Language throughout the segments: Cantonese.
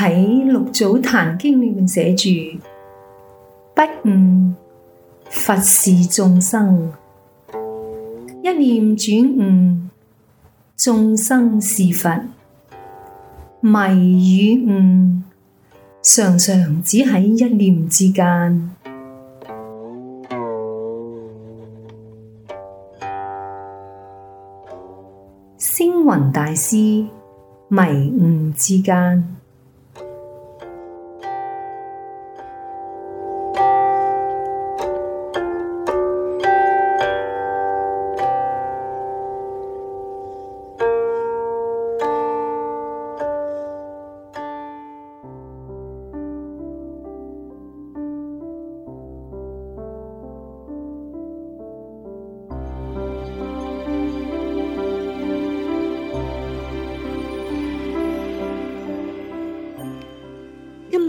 喺六祖壇經裏面寫住，不悟佛是眾生，一念轉悟眾生是佛，迷與悟常常只喺一念之間。星雲大師迷悟之間。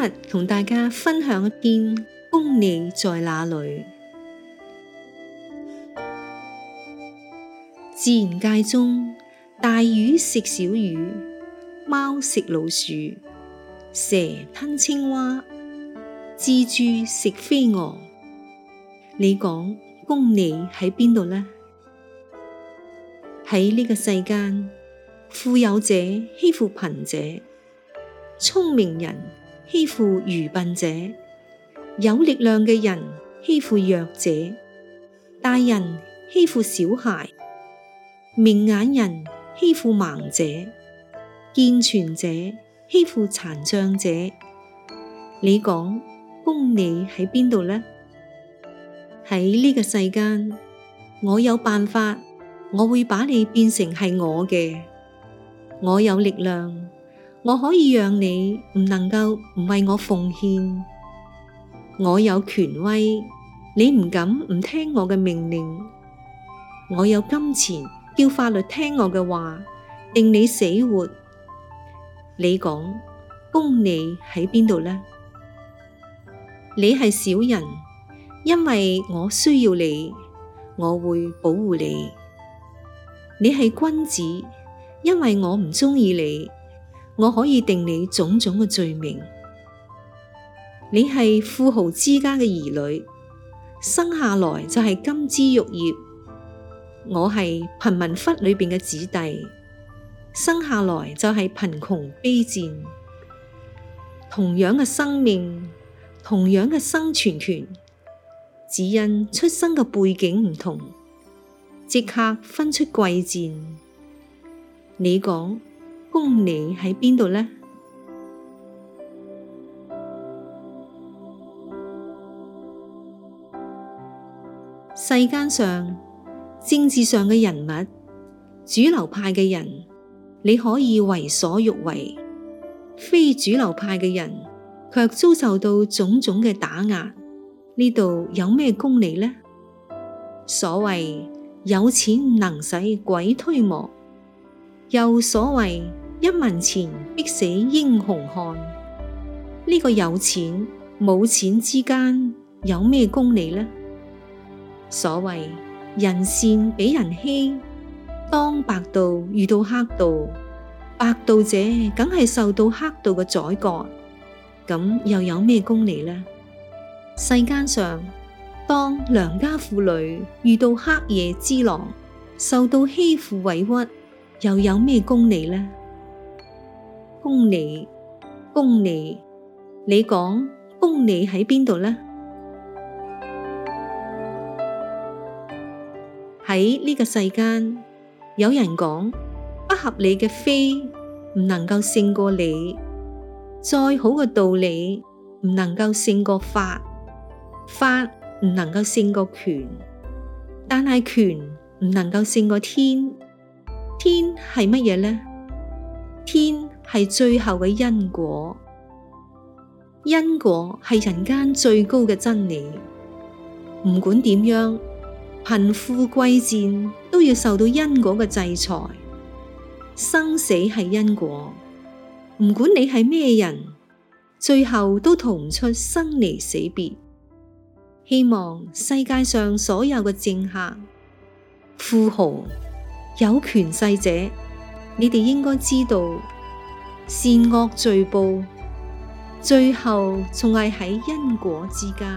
同大家分享一篇，公理在哪裏？自然界中，大魚食小魚，貓食老鼠，蛇吞青蛙，蜘蛛食飛蛾。你講公理喺邊度呢？喺呢個世間，富有者欺負貧者，聰明人。欺負愚笨者，有力量嘅人欺負弱者，大人欺負小孩，明眼人欺負盲者，健全者欺負殘障者。你講公理喺邊度呢？喺呢個世間，我有辦法，我會把你變成係我嘅，我有力量。我可以讓你唔能夠唔為我奉獻，我有權威，你唔敢唔聽我嘅命令。我有金錢，叫法律聽我嘅話，定你死活。你講公理喺邊度呢？你係小人，因為我需要你，我會保護你。你係君子，因為我唔中意你。我可以定你種種嘅罪名。你係富豪之家嘅兒女，生下來就係金枝玉葉；我係貧民窟裏邊嘅子弟，生下來就係貧窮卑賤。同樣嘅生命，同樣嘅生存權，只因出生嘅背景唔同，即刻分出貴賤。你講，公理喺邊度呢？世間上，政治上嘅人物，主流派嘅人，你可以為所欲為；非主流派嘅人卻遭受到種種嘅打壓。呢度有咩公理呢？所謂有錢能使鬼推磨，又所謂，一文錢逼死英雄漢，呢、這個有錢冇錢之間有咩公理呢？所謂人善被人欺，當白道遇到黑道，白道者梗係受到黑道嘅宰割，咁又有咩公理呢？世間上，當良家婦女遇到黑夜之狼，受到欺負委屈，又有咩公理呢？公理，公理，你講公理喺邊度呢？喺呢個世間，有人講，不合理嘅非唔能夠勝過理，再好嘅道理唔能夠勝過法，法唔能夠勝過權，但係權唔能夠勝過天。天係乜嘢呢？天，係最後嘅因果，因果係人間最高嘅真理。唔管點樣，貧富貴賤都要受到因果嘅制裁。生死係因果，唔管你係咩人，最後都逃唔出生離死別。希望世界上所有嘅政客、富豪、有權勢者，你哋應該知道。善惡罪報，最後仲係喺因果之間。